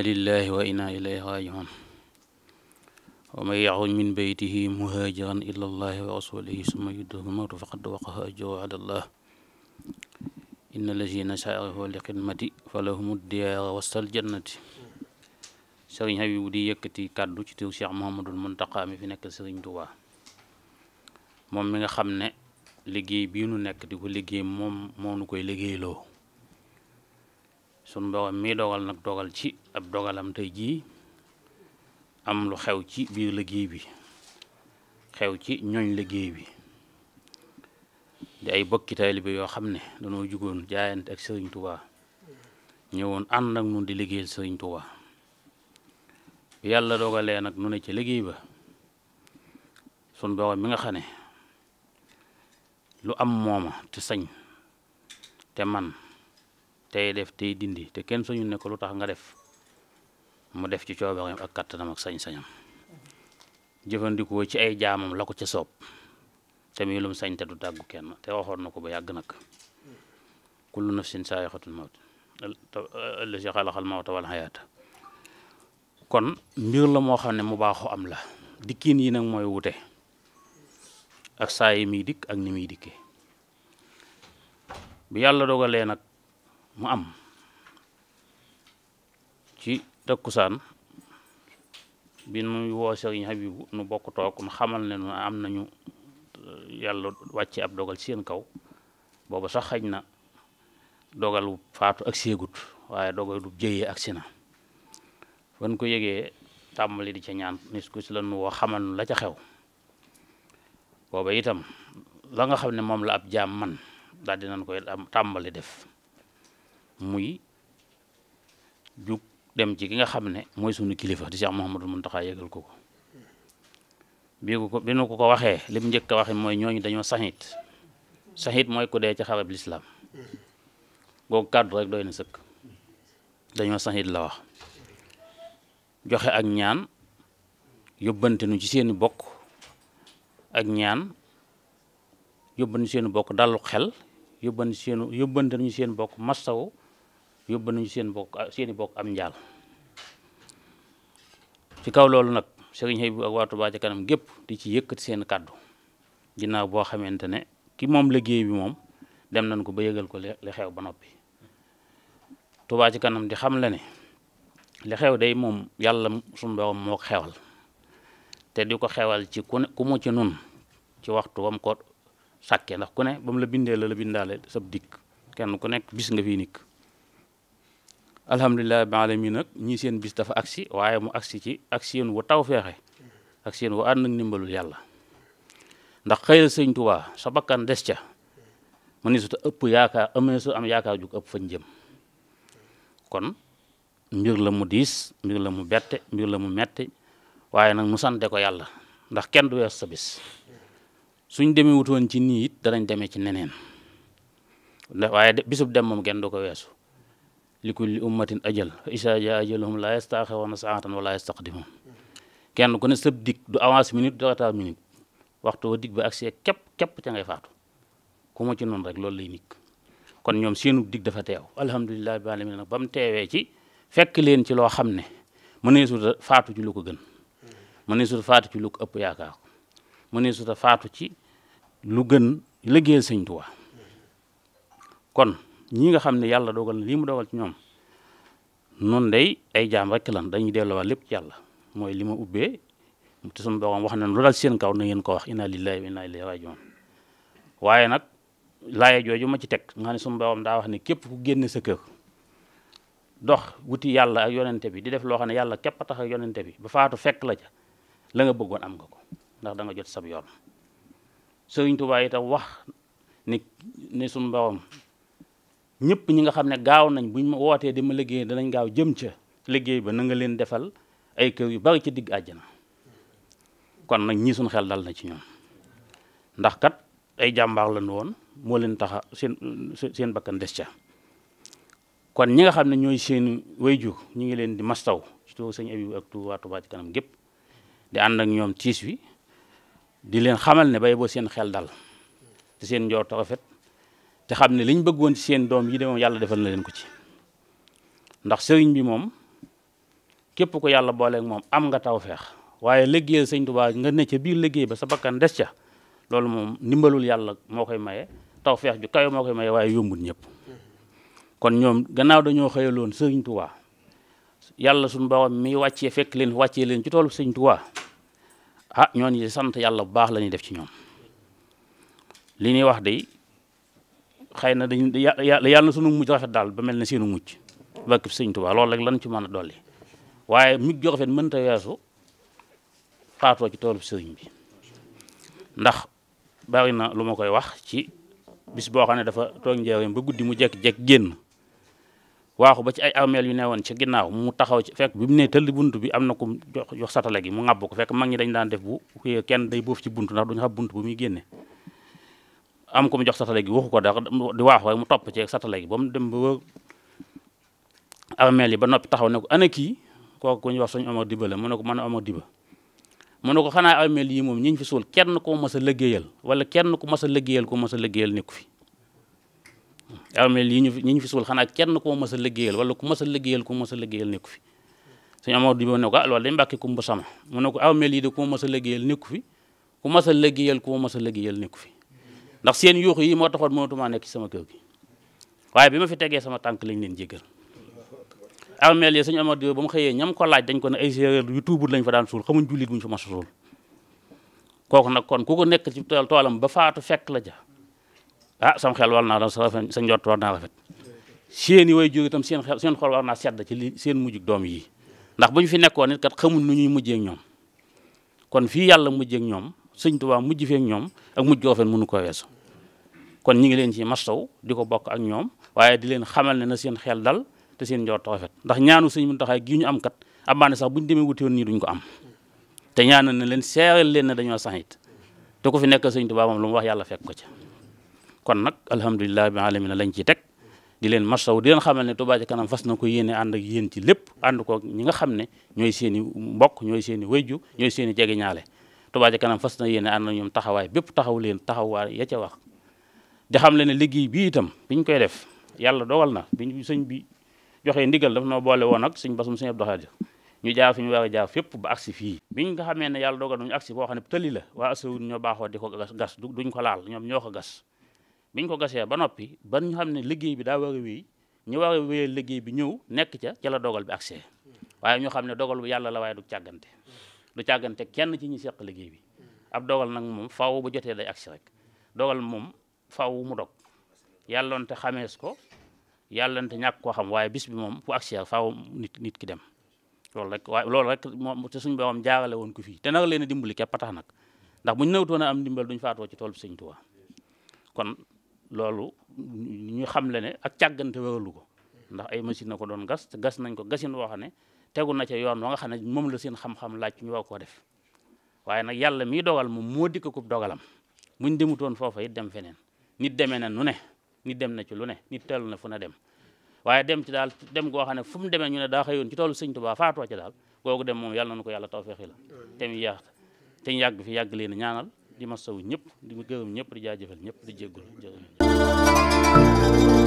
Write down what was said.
inna lillahi wa inna ilayhi rajiun wa man yaxruj min beytihi muhaajiran ila llahi wa rasulihi summa yudrikhu lmawtu faqad waqa'a ajruhu ala llah inna lazina saarahu li xidmati falahum diyaara wastal jannati sëriñ Habibu di yëkkati kàddu ci tur Cheikh Mouhamadul Muntaqa mi fi nekk sëriñ Tuubaa moom mi nga xam ne liggéey bii nekk di ko liggéey moom moo nu koy liggéeyloo sun borom mi dogal nag dogal ci ab dogalam tey jii am lu xew ci biir liggéey bi xew ci ñooñ liggéey bi di ay bokki taalibe yoo xam ne dañoo jugoon jaayante ak Serigne Touba ñëwoon ànd ak nun di liggéeyal Serigne Touba yàlla dogalee nag nu ne ci liggéey ba sun borom mi nga xam ne lu am mooma te sañ te man tey def tey dindi te kenn soñu ne ko lu tax nga def mu def ci coobareem ak kattanam ak sañ-sañam jëfandikoo ci ay jaamam la ko ca soob te muy lum sañ te du tàggu kenn te waxoon na ko ba yàgg nag kullu nafsin saaixatul mawt allazi xalaxal kon mbir la moo xam ne mu baaxoo am la dikkiin yi nag mooy wute ak saa yi muy dikk ak ni muy dikkee bi yàlla dogalee nag mu am ci takkusaan bi nuy woo Sëriñ Habibu nu bokk toog nu xamal ne nu am nañu eh, yàlla wàcce ab dogal seen kaw booba sax xaj na dogalu faatu ak séegut waaye dogalu jëyee ak si na fan ko yëgee tàmbali di ca ñaan nis ko si la nu woo xamal nu la ca xew booba itam la nga xam ne moom la ab jaam man daal dinañ koy tàmbali def muy jug dem ci ki nga xam ne mooy sunu kilifa di Cheikh Mouhamadul Mountakha yëgal ko ko ko ko bi nu ko ko waxee lim njëkk a waxe mooy ñooñu dañoo saxiit saxiit mooy ku dee ci xarab lislaam googu kàddu rek doy na sëkk dañoo saxiit la wax joxe ak ñaan yóbbante nu ci seeni bokk ak ñaan yóbbante seeni bokk dalu xel yóbbante seenu yóbbante nu ci seeni bokk mastawu yóbbu nañu seen bokk seeni bokk am njaal ci kaw loolu nag Serigne Habibu ak waa Touba ca kanam gépp di ci yëkkat seen kàddu ginnaaw boo xamante ne ki moom liggéey bi moom dem nañ ko ba yëgal ko li xew ba noppi Touba ca kanam di xam la ne li xew day moom yàlla suñu borom moo ko xewal te di ko xewal ci ku ne ku mu ci nun ci waxtu wam ko sàkkee ndax ku ne ba la bindee la la bindaale sab dikk kenn ku nekk bis nga fi nikk alhamdulilah bi alamin nag ñii seen bis dafa agsi waaye mu agsi ci ak seen wu taw feexe ak seen wu ànd ak ndimbalul yàlla ndax xëy na sa bakkan des ca mu ne su ëpp yaakaar amee su am yaakaar jug ëpp fañ jëm kon mbir la mu diis mbir la mu bette mbir la mu metti waaye nag mu sante ko yàlla ndax kenn du wees sa bis suñ demee wutoon ci nii it danañ demee ci neneen waaye bisub dem moom kenn du ko weesu li kulli ummatin ajal fa isa ja ajaluhum laa yastaaxiruuna saatan wala yastaqdimuun kenn ku ne sëb dig du avance minute du retard minute waxtu wa dig képp képp ca ku mu ci rek loolu lay nikk kon ñoom seenu dig dafa teew alhamdulilah bi alamin nag ba mu teewee ci fekk leen ci loo xam ne mënee suta faatu ci lu ko gën mënee suta faatu ci lu ëpp yaakaar ko mënee suta faatu ci lu gën liggéeyal sëñ Tuubaa kon ñi nga xam ne yàlla dogal na lii mu dogal ci ñoom noonu day ay jaam rek lan dañuy delluwaat lépp ci yàlla mooy li ma ubbee te suñu wax na lu dal seen kaw na ngeen ko wax inna lillahi wa inna ilayhi rajiun waaye nag laaye jooju ma ci teg nga ne suñu borom daa wax ne képp ku génne sa kër dox wuti yàlla ak bi di def loo xam ne yàlla képp tax ak bi ba faatu fekk la ca la nga bëggoon am nga ko ndax da jot sab yoon Sëriñ Tuubaa itam ñëpp ñi nga xam ne gaaw nañ bu ñu ma wootee di ma liggéey danañ gaaw jëm ca liggéey ba na nga leen defal ay kër yu bari ca digg àjjana kon nag ñii suñ xel dal na ci ñoom ndax kat ay jàmbaar lañu woon moo leen taxa seen seen bakkan des ca kon ñi nga xam ne ñooy seen wayjur ñu ngi leen di mastaw ci turu sëñ Abibu ak turu waa Touba kanam gépp di ànd ak ñoom tiis wi di leen xamal ne bay boo seen xel dal te seen njoor rafet te xam ne liñ bëggoon ci seen doom yi de moom yàlla defal na leen ko ci ndax sëriñ bi moom képp ko yàlla booleek moom am nga taw feex waaye liggéeyal sëñ Tuubaa nga ne ca biir liggéey ba sa bakkan des ca loolu moom ndimbalul yàlla moo koy maye feex ju kayo moo koy maye waaye yombul ñëpp kon ñoom gannaaw dañoo xëyaloon sëriñ Tuubaa yàlla suñ borom mi wàccee fekk leen wàccee leen ci toolu sëñ Tuubaa ah ñooñu sant yàlla bu baax lañuy def ci ñoom xëy na dañu yàlla na sunu mujj rafet daal ba mel na seenu mujj bakk sëñ Tuubaa loolu rek lan ci mën a dolli waaye mujj jox rafet mënta weesu faatoo ci toolu sëriñ bi ndax bari na lu ma koy wax ci bis boo xam ne dafa toog njëriñ ba guddi mu jekk-jekk génn waaxu ba ci ay armeel yu ne woon ci ginnaaw mu taxaw ci fekk bi mu ne tëll bunt bi am na ku jox jox satala gi mu ŋàbb ko fekk mag ñi dañ daan def bu kenn day boof ci bunt ndax duñu xam bunt bu muy génne am ko mu jox satale gi waxu ko dax di waax waaye mu topp ci satale gi ba mu dem ba wër armeel yi ba noppi taxaw ne ko ana kii kooku ku wax suñu Omar Diba la mu ko mën a Omar Diba mu ne ko xanaa armeel yi moom ñi ñu fi suul kenn ko mas a liggéeyal wala kenn ku mas liggéeyal ko mas a nekku fi armeel yi ñu ñi fi suul xanaa kenn ko mas a liggéeyal wala ku mas a ko mas a liggéeyal nekku fi suñu Omar Diba ne ko ah loolu dañ mbàkke kumba yi de ko mas a liggéeyal nekku fi ku mas a liggéeyal ko mas a liggéeyal nekku fi ndax seen yuuxu yi moo taxoon mënatumaa nekk ci sama kër gi waaye bi ma fi tegee sama tànk lañ leen jéggal armeel yi suñu Amadu ba mu xëyee ñam ko laaj dañ ko ne ay séeréer yu tuubut lañ fa daan suul xamuñ jullit buñ fa mas a suul kooku nag kon ku ko nekk ci toolam ba faatu fekk la ja ah sam xel war naa da sa rafet sa njort seen yi way jóg seen xel seen xol war sedd ci li seen mujjug doom yi ndax bu ñu fi nekkoon nit kat xamuñ nu ñuy mujjee ak ñoom kon fii yàlla mu ak ñoom sëñ Tuubaa mujj feek ñoom ak mujj goofen mënu ko weesu kon ñi ngi leen ci mastaw di ko bokk ak ñoom waaye di leen xamal ne na seen xel dal te seen njort rafet ndax ñaanu sëñ Muntaxa gi ñu am kat amaane sax buñ demee wuti woon nii duñ ko am te ñaanal na leen seeral leen ne dañoo sax it te ku fi nekk sëñ Tuubaa moom lu mu wax yàlla fekk ko ci kon nag alhamdulilah bi alamina lañ ci teg di leen masaw di leen xamal ne Touba Ca Kanam fas na ko yéene ànd yéen ci lépp ànd ko ñi nga xam ne ñooy seen i mbokk ñooy seen i ñooy seen i ñaale Touba Ca Kanam fas na yéene ànd na ñoom taxawaay bépp taxaw leen taxawaay ya ca wax di xam le ne liggéey bii itam biñ koy def yàlla dogal na biñ sëñ bi joxee ndigal daf noo boole woon nag suñ basum sëñ Abdou Khadir ñu jaar fi ñu a jaar fépp ba agsi fii biñ nga xamee ne yàlla dogal nañu boo xam ne tëli la waa asawun ñoo baaxoo di ko gas duñ ko laal ñoom ñoo ko gas biñ ko gasee ba noppi ban ñu xam ne liggéey bi daa war a wéy ñu war a wéyal liggéey bi ñëw nekk ca ca la dogal bi agsee waaye ñu xam ne dogal bu yàlla la waaye du càggante du càggante kenn ci ñi seq liggéey bi ab dogal nag moom faw bu jotee day agsi rek dogal moom faaw mu dog yàlla yàllonte xamees ko yàllante ñàkk koo xam waaye bis bi moom fu agsi faaw nit nit ki dem loolu rek waaye loolu rek moom te suñ borom jaarale woon ko fii te nag leen a dimbali képp tax nag ndax bu ñu nawtoon am ndimbal duñ faatoo ci tool bi sëñ Tuubaa kon loolu ñu xam le ne ak càggante wéralu ko ndax ay machine na ko doon gas gas nañ ko gasin woo xam ne tegu na ca yoon wa nga xam ne moom la seen xam-xam laaj ñu war koo def waaye nag yàlla miy dogal moom moo dikk ko dogalam muñ demutoon foofa it dem feneen nit demee na nu ne nit dem na ci lu ne nit teelu na fu na dem waaye dem ci daal dem goo xam ne fu mu demee ñu ne daa xëyoon ci toolu sëñ Tuubaa faatoo ci daal googu dem moom yàlla na ko yàlla tawfeexi la te a yàgg te ñu yàgg fi yàgg leen ñaanal di ma saw ñëpp di ma gërëm ñëpp di jaajëfal ñëpp di jéggul jërëjëf